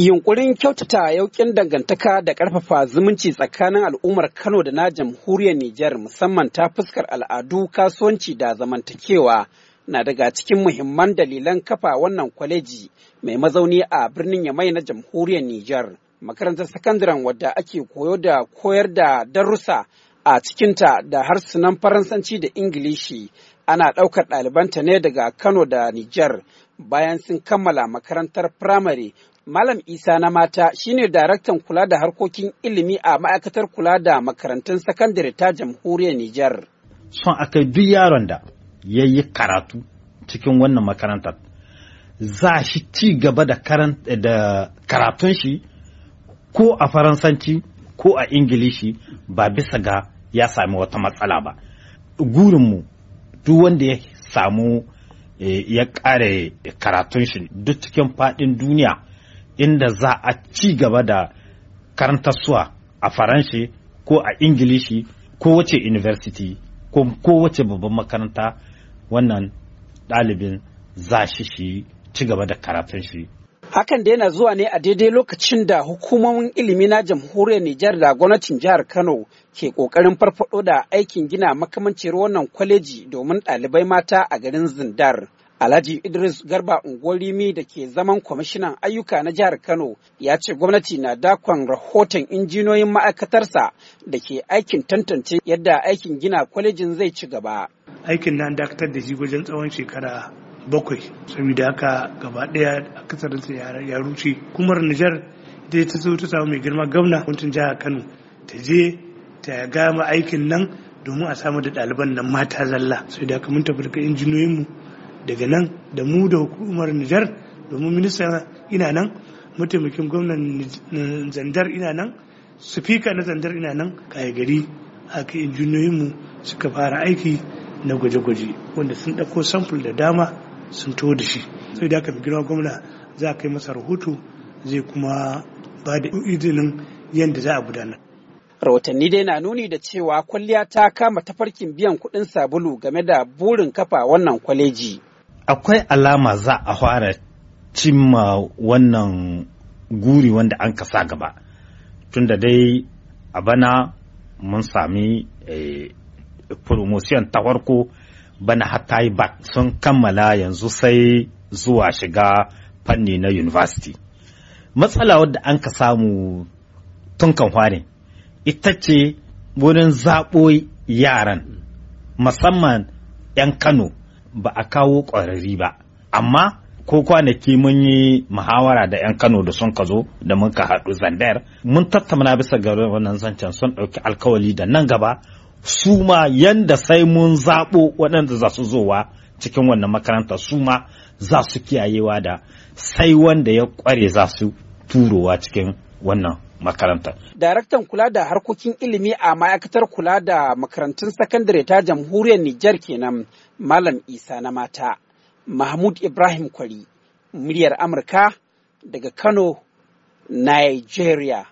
Yunkurin kyautata yaukin dangantaka da ƙarfafa zumunci tsakanin al'ummar Kano da na jamhuriyar Nijar musamman ta fuskar al'adu kasuwanci da zamantakewa na daga cikin muhimman dalilan kafa wannan kwaleji mai mazauni a birnin Yamai na jamhuriyar Nijar. Makarantar sakandaren wadda ake koyo da koyar da darussa a cikinta da harsunan Faransanci da Ingilishi ana ɗaukar ɗalibanta ne daga Kano da Nijar bayan sun kammala makarantar firamare Malam Isa na mata shine daraktan kula da harkokin ilimi a ma'aikatar kula da makarantun sakandare ta jamhuriyar Nijar. Son aka duk yaron da ya yi karatu cikin wannan makarantar za shi ci gaba da karatun shi ko a faransanci ko a ingilishi ba bisa ga ya sami wata matsala ba. Gurinmu duk wanda ya samu eh, ya ƙare karatun shi duk cikin faɗin duniya inda za a ci gaba da karantarsuwa a faranshi ko a ingilishi ko wace university ko kowace babban makaranta wannan ɗalibin za shi shi ci gaba da karatun shi Hakan da yana zuwa ne a daidai lokacin da hukumomin ilimi na jamhuriyar Nijar da gwamnatin jihar Kano ke ƙoƙarin farfaɗo da aikin gina makamancin wannan kwaleji domin ɗalibai mata a garin Zindar. Alhaji Idris Garba Ungolimi da ke zaman kwamishinan ayyuka na jihar Kano ya ce gwamnati na dakon rahoton injiniyoyin ma'aikatarsa da ke aikin tantance yadda aikin gina kwalejin zai ci gaba. Aikin nan dakatar da shi wajen tsawon shekara bakwai saboda haka gaba ɗaya kasarinsa ya ruce kuma Nijar da ta zo ta samu mai girma gwamna kuntun jihar Kano ta je ta gama aikin nan domin a samu da ɗaliban nan mata zalla sai da haka mun tafi daga injiniyoyinmu daga nan da mu da hukumar nijar domin minista ina nan mataimakin gwamnan zandar ina nan sufika na zandar ina nan kaya gari aka injiniyoyinmu suka fara aiki na gwaje-gwaje wanda sun ɗauko samfur da dama sun to da shi sai da aka fi girma gwamna za a kai masa rahoto zai kuma ba da izinin yadda za a gudanar rahotanni dai na nuni da cewa kwalliya ta kama tafarkin biyan kuɗin sabulu game da burin kafa wannan kwaleji akwai alama za a fara cimma wannan guri wanda an kasa gaba tunda dai a bana mun sami eh, promotion ta farko bana hata yi back sun kammala yanzu sai zuwa shiga fanni na university matsala wadda an ka samu tun kan ita ce wurin zaɓo yaran musamman 'yan kano ba a kawo ƙwararri ba amma ko kwanaki mun yi muhawara da 'yan kano da sun ka zo da mun ka haɗu zandar mun tattauna bisa ga wannan zancen sun ɗauki alkawali da nan gaba su ma yanda sai mun zaɓo waɗanda za su zowa cikin wannan makaranta su ma za su kiyayewa da sai wanda ya ƙware za su turowa cikin wannan makaranta. Daraktan kula da harkokin ilimi a ma'aikatar kula da makarantun sakandare ta jamhuriyar Nijar kenan Malam Isa na mata. Mahmud Ibrahim Kwari, muryar Amurka daga Kano, Nigeria.